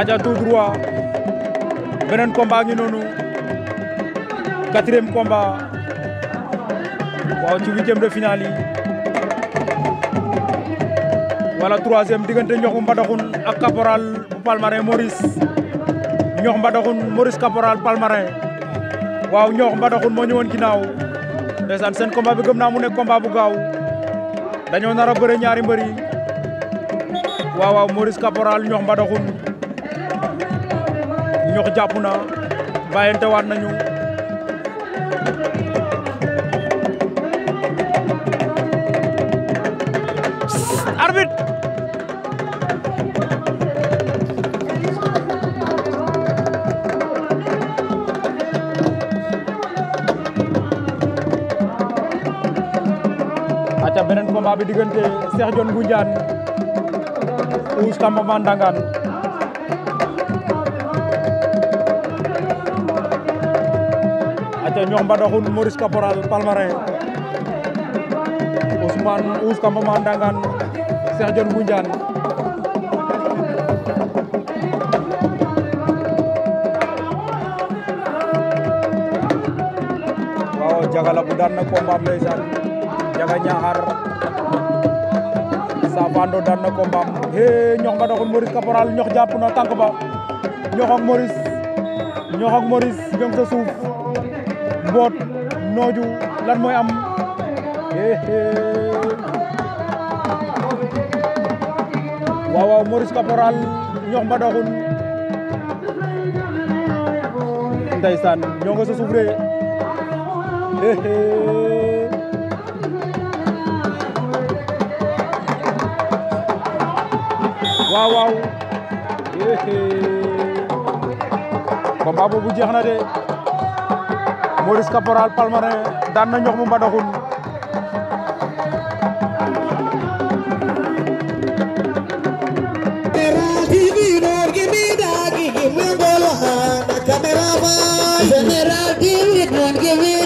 aja tout droit benen combat ngi noonu quatrième combat waaw ci huitième de finale yi wala troisième diggante ñoxu mbadaxun ak caporal bu palmarin Maurice ñox mbadaxun Maurice caporal palmarin waaw ñox mbadaxun ñu won ginaaw desan sen combat bi gëm na mu nek combat bu gaaw dañu nara bëre ñaari waawaw waaw Maurice Caporal ñox mbadaxun ñox jàpp na bàyyante waat nañu arbitre aca beneen combat bi diggante Cheikh Dione Ngoundiane Ouz pemandangan. aceh nyong pada kun muris kaporal Palmare. usman uskan pemandangan Mandangan Bunjan. Dione jaga waaw jagala bu daan jaga nyahar. Pando dan na ko mbaam hee ñox ba doxul Maurice Caporal ñox japp na tank ba ñox ak Maurice ñox ak Maurice gem sa suuf bot noju lan moy am wa wa Maurice Caporal ñox ba doxul ndaysan ñoo nga sa suuf he waaw waaw combat boobu jeex na de Maurice Caporal Palmarin daan na ñox mu mbadaxun General